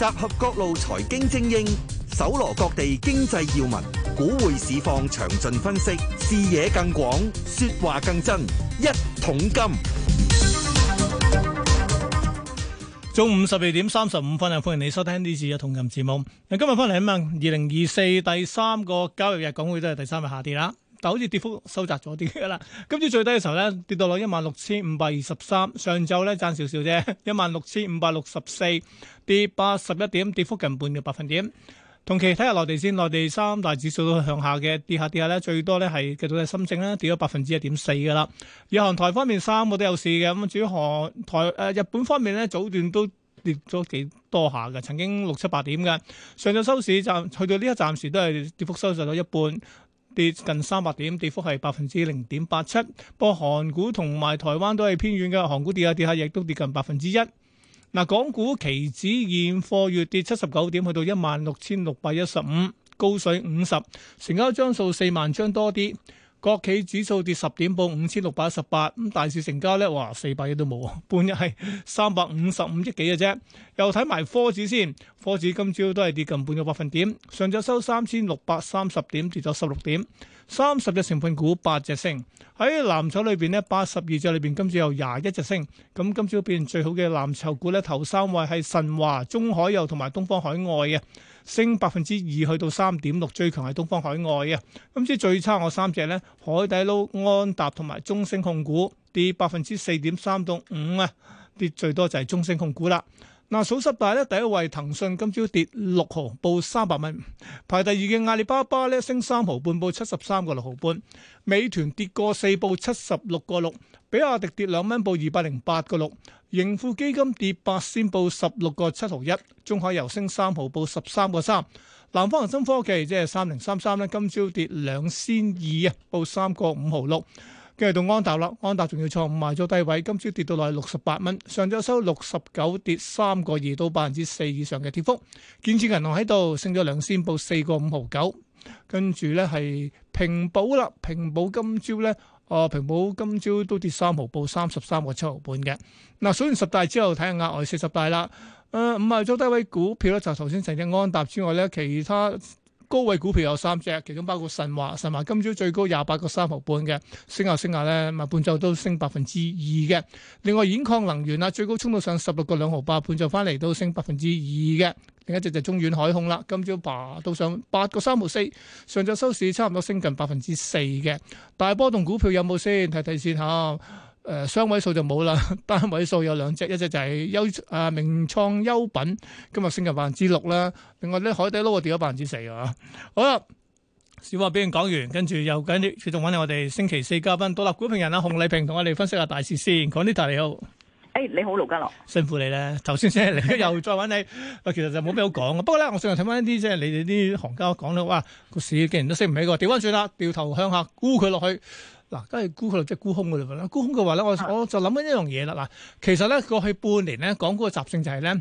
集合各路財經精英，搜羅各地經濟要聞，股匯市況詳盡分析，視野更廣，說話更真。一桶金，中午十二點三十五分，又歡迎你收聽呢次嘅一桶金節目。嗱，今日翻嚟啊嘛，二零二四第三個交易日講會都係第三日下跌啦。但好似跌幅收窄咗啲嘅啦，今朝最低嘅時候咧，跌到落一萬六千五百二十三，上晝咧賺少少啫，一萬六千五百六十四，跌八十一點，跌幅近半嘅百分點。同期睇下內地先，內地三大指數都向下嘅，跌下跌下咧，最多咧係繼續係深證咧，跌咗百分之一點四嘅啦。日韓台方面三個都有事嘅，咁主要韓台誒、呃、日本方面咧早段都跌咗幾多下嘅，曾經六七八點嘅，上晝收市暫去到呢一暫時都係跌幅收窄咗一半。跌近三百點，跌幅係百分之零點八七。不過韓股同埋台灣都係偏遠嘅，韓股跌下跌下，亦都跌近百分之一。嗱，港股期指現貨月跌七十九點，去到一萬六千六百一十五，高水五十，成交張數四萬張多啲。國企指數跌十點報五千六百一十八，咁大市成交咧，哇四百億都冇啊，半日係三百五十五億幾嘅啫。又睇埋科指先，科指今朝都係跌近半個百分點，上晝收三千六百三十點，跌咗十六點，三十隻成分股八隻升。喺藍籌裏邊呢，八十二隻裏邊今朝有廿一隻升，咁今朝變最好嘅藍籌股咧，頭三位係神華、中海油同埋東方海外嘅。升百分之二去到三點六，最強係東方海外啊！咁即係最差我三隻咧，海底撈、安踏同埋中升控股跌百分之四點三到五啊，跌最多就係中升控股啦。嗱，數失敗咧，第一位騰訊今朝跌六毫，報三百蚊。排第二嘅阿里巴巴咧，升三毫半，報七十三個六毫半。美團跌過四，報七十六個六。比亞迪跌兩蚊，報二百零八個六。盈富基金跌八仙，報十六個七毫一。中海油升三毫，報十三個三。南方恒生科技即係三零三三咧，今朝跌兩仙二啊，報三個五毫六。跟住到安踏啦，安踏仲要創五，賣咗低位，今朝跌到落去六十八蚊。上週收六十九，跌三個二到百分之四以上嘅跌幅。建設銀行喺度升咗兩仙，報四個五毫九。跟住咧係平保啦，平保今朝咧，啊、呃、平保今朝都跌三毫，報三十三個七毫半嘅。嗱、啊，數完十大之後，睇下額外四十大啦。誒、呃，五賣咗低位股票咧，就頭先淨係安踏之外咧，其他。高位股票有三隻，其中包括神華。神華今朝最高廿八個三毫半嘅，升下升下咧，咪半晝都升百分之二嘅。另外，兗礦能源啦，最高衝到上十六個兩毫八，半晝翻嚟都升百分之二嘅。另一隻就係中遠海控啦，今朝爬到上八個三毫四，上晝收市差唔多升近百分之四嘅。大波動股票有冇先？睇睇先吓。誒，雙、呃、位數就冇啦，單位數有兩隻，一隻就係優啊名創優品，今日升咗百分之六啦。另外啲海底撈我跌咗百分之四啊。好啦，小話俾完講完，跟住又緊啲主動揾嚟我哋星期四嘉賓獨立股評人啊，熊麗萍同我哋分析下大市先。鄺呢太你好，誒、hey，你好盧家樂，辛苦你啦。頭先先嚟，又再揾你，啊 其實就冇咩好講啊。不過咧，我上日睇翻一啲即係你哋啲行家講到哇個市竟然都升唔起個，掉翻轉啦，掉頭向下沽佢落去。嗱，梗係沽佢啦，即係沽空嘅啦。沽空嘅話咧，我我就諗緊一樣嘢啦。嗱，其實咧過去半年咧講嗰個習性就係咧，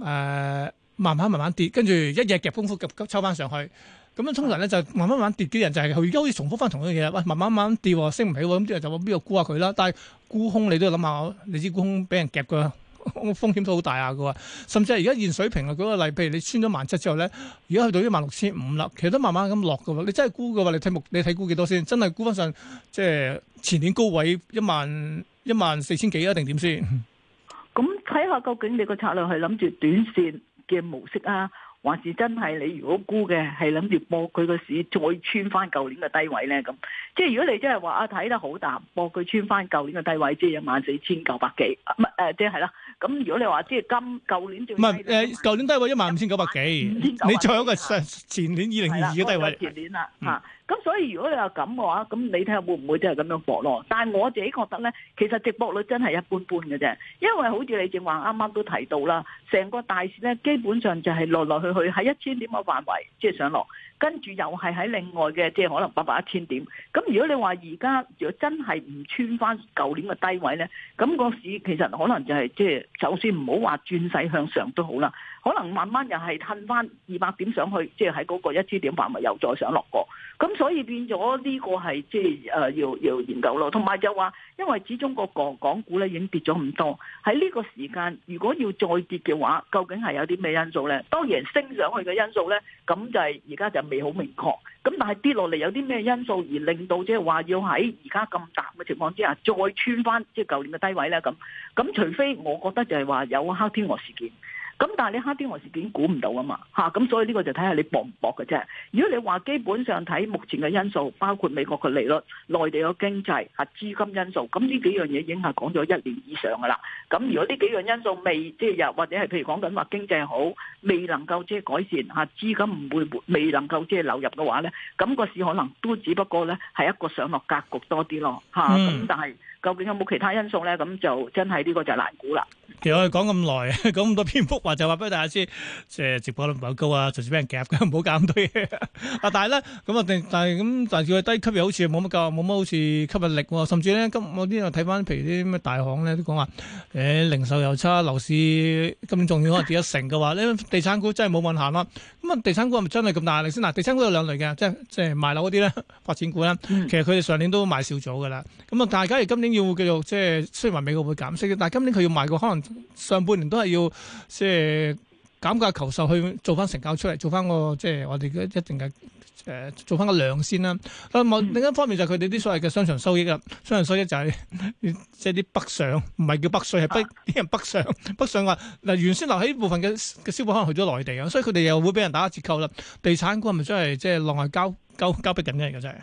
呃，慢慢慢慢跌，跟住一日夾功夫夾急抽翻上去，咁樣通常咧就慢慢慢慢跌啲人就係佢而家要重複翻同樣嘢啦。喂，慢慢慢跌，升唔起，咁啲人就邊個沽下佢啦？但係沽空你都要諗下，你知沽空俾人夾噶。風險都好大啊！佢話，甚至係而家現水平啊！舉個例，譬如你穿咗萬七之後咧，而家去到一萬六千五啦，其實都慢慢咁落嘅喎。你真係估嘅話，你睇目你睇估幾多先？真係估翻上即係、就是、前年高位一萬一萬四千幾啊？定點先？咁睇下究竟你個策略係諗住短線嘅模式啊？還是真係你如果估嘅係諗住博佢個市再穿翻舊年嘅低位咧咁，即係如果你真係話啊睇得好淡，博佢穿翻舊年嘅低位，即係一萬四千九百幾，唔誒即係係啦。咁、呃就是、如果你話即係今舊年仲唔係誒？舊、呃、年低位一萬五千九百幾，15，你再有一個上前年二零二二嘅低位。咁所以如果你話咁嘅話，咁你睇下會唔會真係咁樣搏咯？但係我自己覺得呢，其實值博率真係一般般嘅啫，因為好似你正話啱啱都提到啦，成個大市呢，基本上就係來來去去喺一千點嘅範圍即係上落，跟住又係喺另外嘅即係可能八百一千點。咁如果你話而家如果真係唔穿翻舊年嘅低位呢，咁個市其實可能就係即係，就算唔好話轉勢向上都好啦。可能慢慢又係褪翻二百點上去，即係喺嗰個一千點範圍又再上落過，咁所以變咗呢個係即係誒，要要研究咯。同埋就話，因為始終個港港股咧已經跌咗咁多，喺呢個時間如果要再跌嘅話，究竟係有啲咩因素咧？當然升上去嘅因素咧，咁就係而家就未好明確。咁但係跌落嚟有啲咩因素而令到即係話要喺而家咁淡嘅情況之下再穿翻即係舊年嘅低位咧？咁咁除非我覺得就係話有黑天鵝事件。咁但係你黑天鵝事件估唔到啊嘛，嚇咁所以呢個就睇下你搏唔搏嘅啫。如果你話基本上睇目前嘅因素，包括美國嘅利率、內地嘅經濟、嚇資金因素，咁呢幾樣嘢已經係講咗一年以上噶啦。咁如果呢幾樣因素未即係又或者係譬如講緊話經濟好，未能夠即係改善嚇資金唔會未能夠即係流入嘅話咧，咁個市可能都只不過咧係一個上落格局多啲咯，嚇咁但係。究竟有冇其他因素咧？咁就真係呢個就難估啦。其實我哋講咁耐，講咁多篇幅話，就話俾大家知，即係值博率唔係好高啊，隨時俾人夾嘅，唔好搞咁多嘢。啊，但係咧，咁啊定，但係咁，但係佢低吸引，好似冇乜教，冇乜好似吸引力喎。甚至咧，今我呢度睇翻，譬如啲咩大行咧都講話，誒零售又差，樓市咁重要，可能跌一成嘅話，呢啲地產股真係冇問函啦。咁啊，地產股係咪真係咁大壓力先？嗱，地產股有兩類嘅，即係即係賣樓嗰啲咧，發展股咧，其實佢哋上年都賣少咗㗎啦。咁啊，但係假如今年要繼續即係，雖然話美國會減息，但係今年佢要賣個，可能上半年都係要即係減價求售，去做翻成交出嚟，做翻個即係我哋一定嘅，誒、呃，做翻個量先啦。嗯、另一方面就係佢哋啲所謂嘅商場收益啊，商場收益就係即係啲北上，唔係叫北上，係逼啲人北上，北上話嗱，原先留喺部分嘅嘅消費可能去咗內地啊，所以佢哋又會俾人打折扣啦。地產股係咪真係即係內外交交交迫緊嘅嘢嘅啫？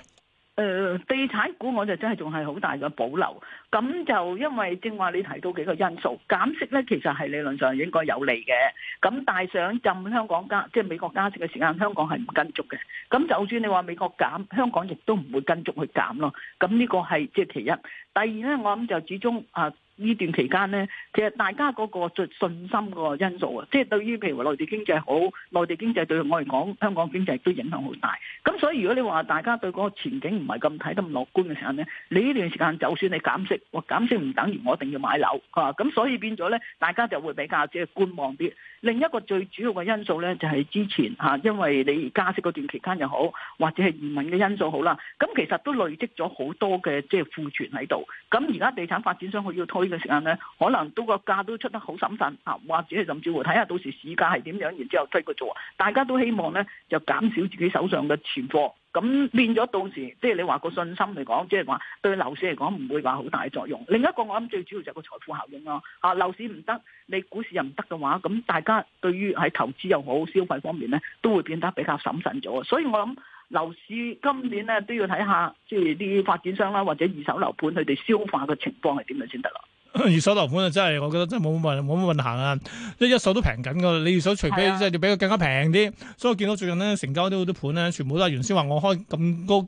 誒地產股我就真係仲係好大個保留，咁就因為正話你提到幾個因素，減息咧其實係理論上應該有利嘅，咁但係上想香港加即係、就是、美國加息嘅時間，香港係唔跟足嘅，咁就算你話美國減，香港亦都唔會跟足去減咯，咁呢個係即係其一。第二咧，我諗就始終啊。呢段期間呢，其實大家嗰個最信心個因素啊，即係對於譬如話內地經濟好，內地經濟對我嚟講，香港經濟都影響好大。咁所以如果你話大家對嗰個前景唔係咁睇得咁樂觀嘅時候呢，你呢段時間就算你減息，哇減息唔等於我一定要買樓啊。咁所以變咗呢，大家就會比較即係觀望啲。另一個最主要嘅因素呢，就係之前嚇，因為你加息嗰段期間又好，或者係移民嘅因素好啦，咁其實都累積咗好多嘅即係庫存喺度。咁而家地產發展商佢要推。呢個時間咧，可能都個價都出得好審慎啊，或者係甚至乎睇下到時市價係點樣，然之後追個做。大家都希望咧，就減少自己手上嘅存貨，咁變咗到時，即係你話個信心嚟講，即係話對樓市嚟講唔會話好大作用。另一個我諗最主要就係個財富效應咯嚇，樓市唔得，你股市又唔得嘅話，咁大家對於喺投資又好消費方面咧，都會變得比較審慎咗。所以我諗樓市今年咧都要睇下，即係啲發展商啦或者二手樓盤佢哋消化嘅情況係點樣先得咯。二手樓盤啊，真係，我覺得真係冇乜冇乜運行啊！即一手都平緊㗎，你二手除非、啊、即係要比佢更加平啲，所以我見到最近咧成交啲好多盤咧，全部都係原先話我開咁高，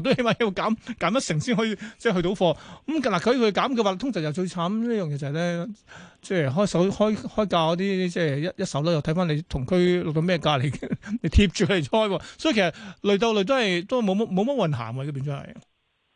都起碼要減減一成先可以即係去到貨。咁嗱佢佢減嘅話，通常又最慘呢樣嘢就係、是、咧，即係開手開開價嗰啲，即係一一手咧又睇翻你同區落到咩價嚟， 你貼住佢嚟開、啊。所以其實雷到雷都係都冇乜冇乜運行啊！呢邊真係。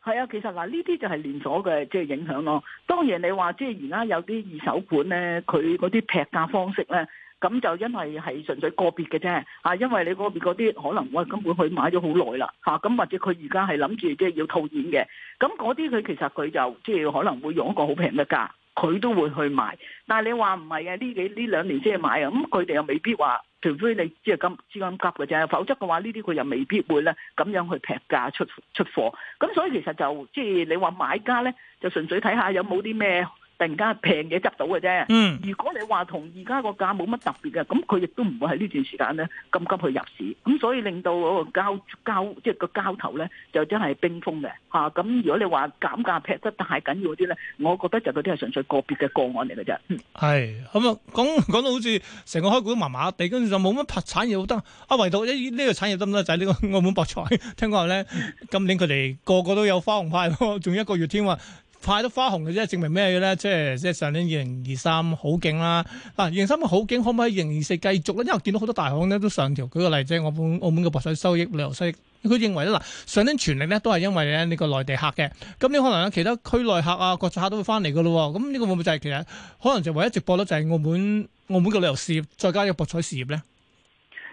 係啊，其實嗱，呢啲就係連鎖嘅即係影響咯。當然你話即係而家有啲二手盤咧，佢嗰啲劈價方式咧，咁就因為係純粹個別嘅啫。嚇，因為你嗰邊嗰啲可能我根本佢買咗好耐啦，嚇，咁或者佢而家係諗住即係要套現嘅，咁嗰啲佢其實佢就即係可能會用一個好平嘅價。佢都會去買，但係你話唔係啊？呢幾呢兩年先係買啊，咁佢哋又未必話，除非你即係咁資金急嘅啫，否則嘅話呢啲佢又未必會咧咁樣去劈價出出貨。咁所以其實就即係、就是、你話買家咧，就純粹睇下有冇啲咩，突然間平嘢執到嘅啫，嗯、如果你話同而家個價冇乜特別嘅，咁佢亦都唔會喺呢段時間咧咁急去入市，咁所以令到交交即係個交投咧就真係冰封嘅嚇。咁、啊、如果你話減價劈得太緊要啲咧，我覺得就嗰啲係純粹個別嘅個案嚟嘅啫。係咁啊，講講到好似成個開股麻麻地，跟住就冇乜拍產業得啊，唯獨呢呢個產業得唔得就係呢個澳門博彩。聽講話咧， 今年佢哋個個都有花紅派，仲一個月添喎。派到花紅嘅啫，證明咩嘅咧？即係即係上年二零二三好勁啦，嗱二零二三好勁，可唔可以二零二四繼續咧？因為我見到好多大行咧都上調，舉個例，我本澳門嘅博彩收益，旅遊收益，佢認為咧嗱上年全力咧都係因為咧呢個內地客嘅，咁你可能呢其他區內客啊、國際客都會翻嚟嘅咯，咁呢個會唔會就係其實可能就唯一直播咯，就係澳門澳門嘅旅遊事業，再加一個博彩事業咧？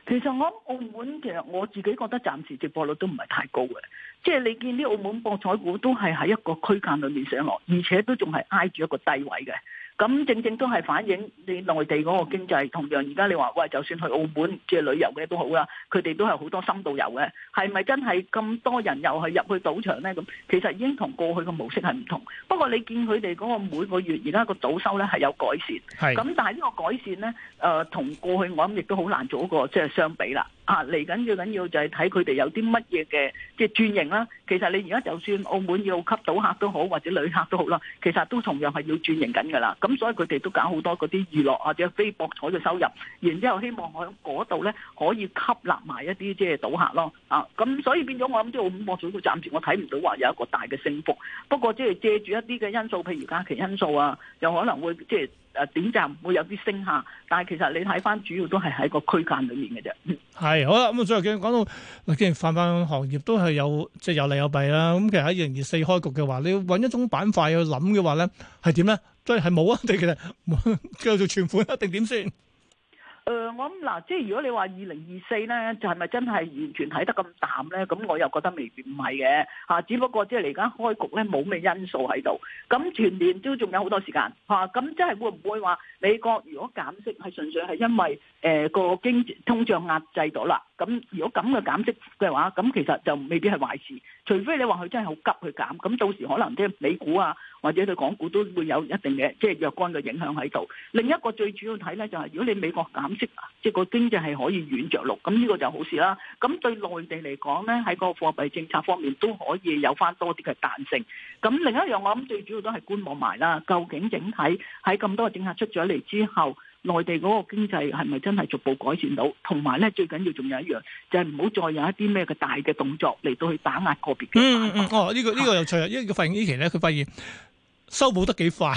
其實我諗澳門其實我自己覺得暫時值博率都唔係太高嘅，即係你見啲澳門博彩股都係喺一個區間裏面上落，而且都仲係挨住一個低位嘅。咁正正都係反映你內地嗰個經濟，同樣而家你話喂，就算去澳門即係旅遊嘅都好啦，佢哋都係好多深度遊嘅，係咪真係咁多人又係入去賭場咧？咁其實已經同過去嘅模式係唔同。不過你見佢哋嗰個每個月而家個賭收咧係有改善，係，咁但係呢個改善咧，誒同過去我諗亦都好難做一個即係相比啦。啊！嚟緊最緊要就係睇佢哋有啲乜嘢嘅即係轉型啦。其實你而家就算澳門要吸賭客都好，或者旅客都好啦，其實都同樣係要轉型緊噶啦。咁所以佢哋都搞好多嗰啲娛樂或者非博彩嘅收入，然之後希望喺嗰度咧可以吸納埋一啲即係賭客咯。啊，咁所以變咗我諗，啲澳門博彩暫時我睇唔到話有一個大嘅升幅。不過即係借住一啲嘅因素，譬如假期因素啊，又可能會即係誒點站會有啲升下。但係其實你睇翻主要都係喺個區間裏面嘅啫。係。係好啦，咁所以講到，既然泛泛行業都係有即係、就是、有利有弊啦。咁其實喺二零二四開局嘅話，你要揾一種板塊去諗嘅話咧，係點咧？即係係冇啊？定其實叫做存款啊？定點先？誒、呃，我諗嗱，即係如果你話二零二四咧，係、就、咪、是、真係完全睇得咁淡咧？咁我又覺得未必唔係嘅吓，只不過即係嚟緊開局咧冇咩因素喺度，咁全年都仲有好多時間吓，咁即係會唔會話美國如果減息係純粹係因為誒、呃、個經濟通脹壓制咗啦？咁如果咁嘅減息嘅話，咁其實就未必係壞事，除非你話佢真係好急去減，咁到時可能即係美股啊。或者對港股都會有一定嘅即係若干嘅影響喺度。另一個最主要睇咧就係，如果你美國減息，即係個經濟係可以軟著陸，咁呢個就好事啦。咁對內地嚟講咧，喺個貨幣政策方面都可以有翻多啲嘅彈性。咁另一樣我諗最主要都係觀望埋啦。究竟整體喺咁多個政策出咗嚟之後，內地嗰個經濟係咪真係逐步改善到？同埋咧最緊要仲有一樣，就係唔好再有一啲咩嘅大嘅動作嚟到去打壓個別嘅。嗯嗯哦，呢個呢個又錯啊！因為佢發現呢期咧，佢發現。修補得幾快？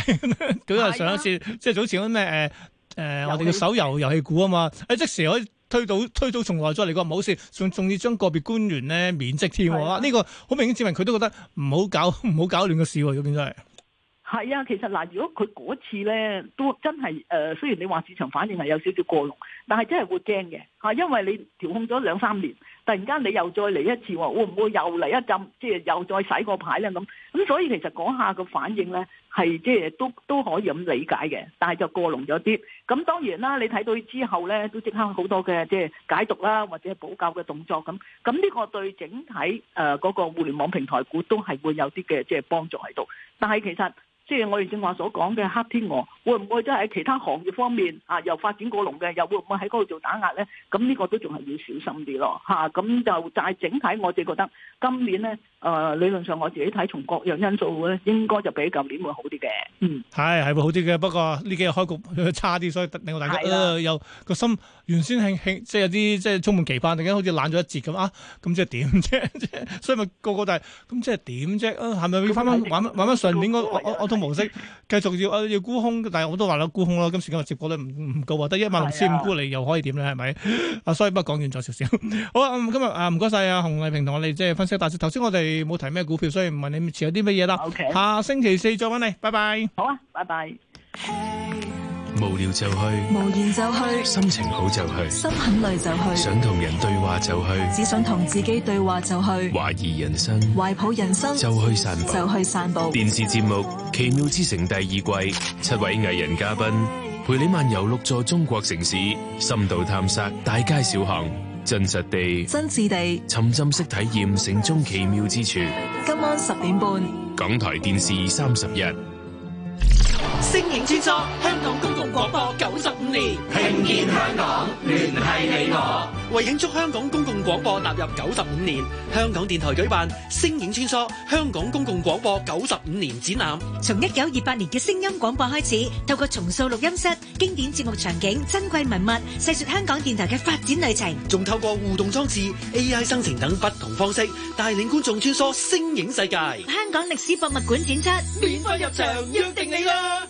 佢 話上一次、啊、即係早前嗰咩誒誒，我哋嘅手遊遊，遊戲股啊嘛，喺、欸、即時可以推到推到從來再嚟過，唔好先，仲仲要將個別官員咧免職添。呢、啊、個好明顯，證明，佢都覺得唔好搞，唔好搞亂個市、啊。咁變咗係係啊，其實嗱，如果佢嗰次咧都真係誒、呃，雖然你話市場反應係有少少過龍，但係真係會驚嘅嚇，因為你調控咗兩三年。突然間你又再嚟一次喎，會唔會又嚟一陣，即係又再洗個牌咧咁？咁所以其實嗰下個反應咧，係即係都都可以咁理解嘅，但係就過龍咗啲。咁當然啦，你睇到之後咧，都即刻好多嘅即係解讀啦，或者係補救嘅動作咁。咁呢個對整體誒嗰個互聯網平台股都係會有啲嘅即係幫助喺度，但係其實。即係我哋正話所講嘅黑天鵝，會唔會即係喺其他行業方面啊，又發展過龍嘅，又會唔會喺嗰度做打壓咧？咁呢個都仲係要小心啲咯，吓，咁就但係整體，我哋覺得今年咧。誒、呃、理論上我自己睇，從各樣因素咧，應該就比舊年會好啲嘅。嗯，係係、哎、會好啲嘅，不過呢幾日開局差啲，所以令到大家咧的、呃、有個心原先興即係有啲即係充滿期盼，突然間好似冷咗一截咁啊！咁即係點啫？即所以咪個個都係咁，即係點啫？啊，係咪、啊啊、要翻翻玩翻上年個我都模式，繼續要、啊、要沽空？但係我都話啦，沽空啦，今時今日值博率唔，唔高得一萬六千五沽你又可以點咧？係咪啊？所以不過講完咗少少。好、嗯、啊，今日啊唔該晒啊熊麗萍同我哋即係分析大市。頭先我哋。冇提咩股票，所以唔問你目前有啲乜嘢啦。Okay. 下星期四再搵你，拜拜。好啊，拜拜。無聊就去，無言就去，心情好就去，心很累就去，想同人對話就去，只想同自己對話就去。懷疑人生，懷抱人生，就去散步，就去散步。電視節目《奇妙之城》第二季，七位藝人嘉賓陪你漫遊六座中國城市，深度探索大街小巷。真實地、真摯地，沉浸式體驗城中奇妙之處。今晚十點半，港台電視三十日，星影穿梭香港公共廣播九十五年，聽見香港，聯繫你我。為慶祝香港公共廣播踏入九十五年，香港電台舉辦《聲影穿梭香港公共廣播九十五年展覽》，從一九二八年嘅聲音廣播開始，透過重塑錄音室、經典節目場景、珍貴文物，細說香港電台嘅發展旅程，仲透過互動裝置、AI 生成等不同方式，帶領觀眾穿梭聲影世界。香港歷史博物館展出，免費入場，約定你啦！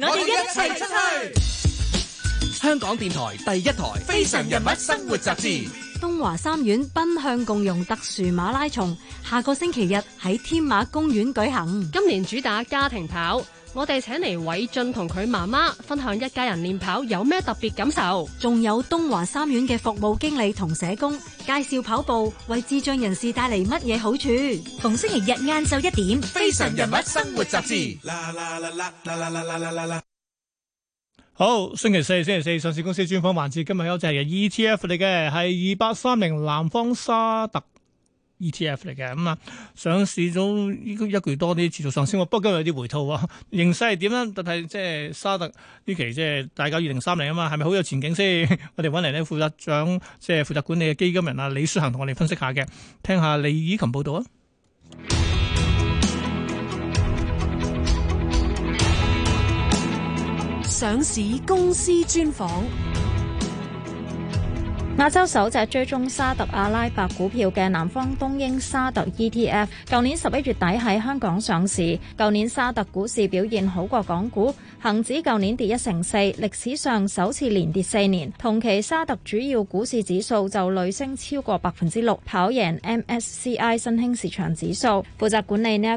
我哋一齊出去。香港電台第一台《非常人物生活雜誌》，東華三院奔向共融特殊馬拉松，下個星期日喺天馬公園舉行。今年主打家庭跑，我哋請嚟偉俊同佢媽媽分享一家人練跑有咩特別感受。仲有東華三院嘅服務經理同社工介紹跑步為智障人士帶嚟乜嘢好處。逢星期日晏晝一點，《非常人物生活雜誌》。好，星期四星期四上市公司專訪環節，今日有隻係 E T F 嚟嘅，係二八三零南方沙特 E T F 嚟嘅，咁、嗯、啊，上市咗一個月多啲，持續上升，不過今日有啲回吐啊，形勢係點咧？但係即係沙特呢期即係大搞二零三零啊嘛，係咪好有前景先？ 我哋揾嚟咧，負責掌，即係負責管理嘅基金人啊，李書恒同我哋分析一下嘅，聽下李以琴報道啊。上市公司專訪。亞洲首隻追蹤沙特阿拉伯股票嘅南方東英沙特 ETF，舊年十一月底喺香港上市。舊年沙特股市表現好過港股，恒指舊年跌一成四，歷史上首次連跌四年。同期沙特主要股市指數就累升超過百分之六，跑贏 MSCI 新興市場指數，負責管理呢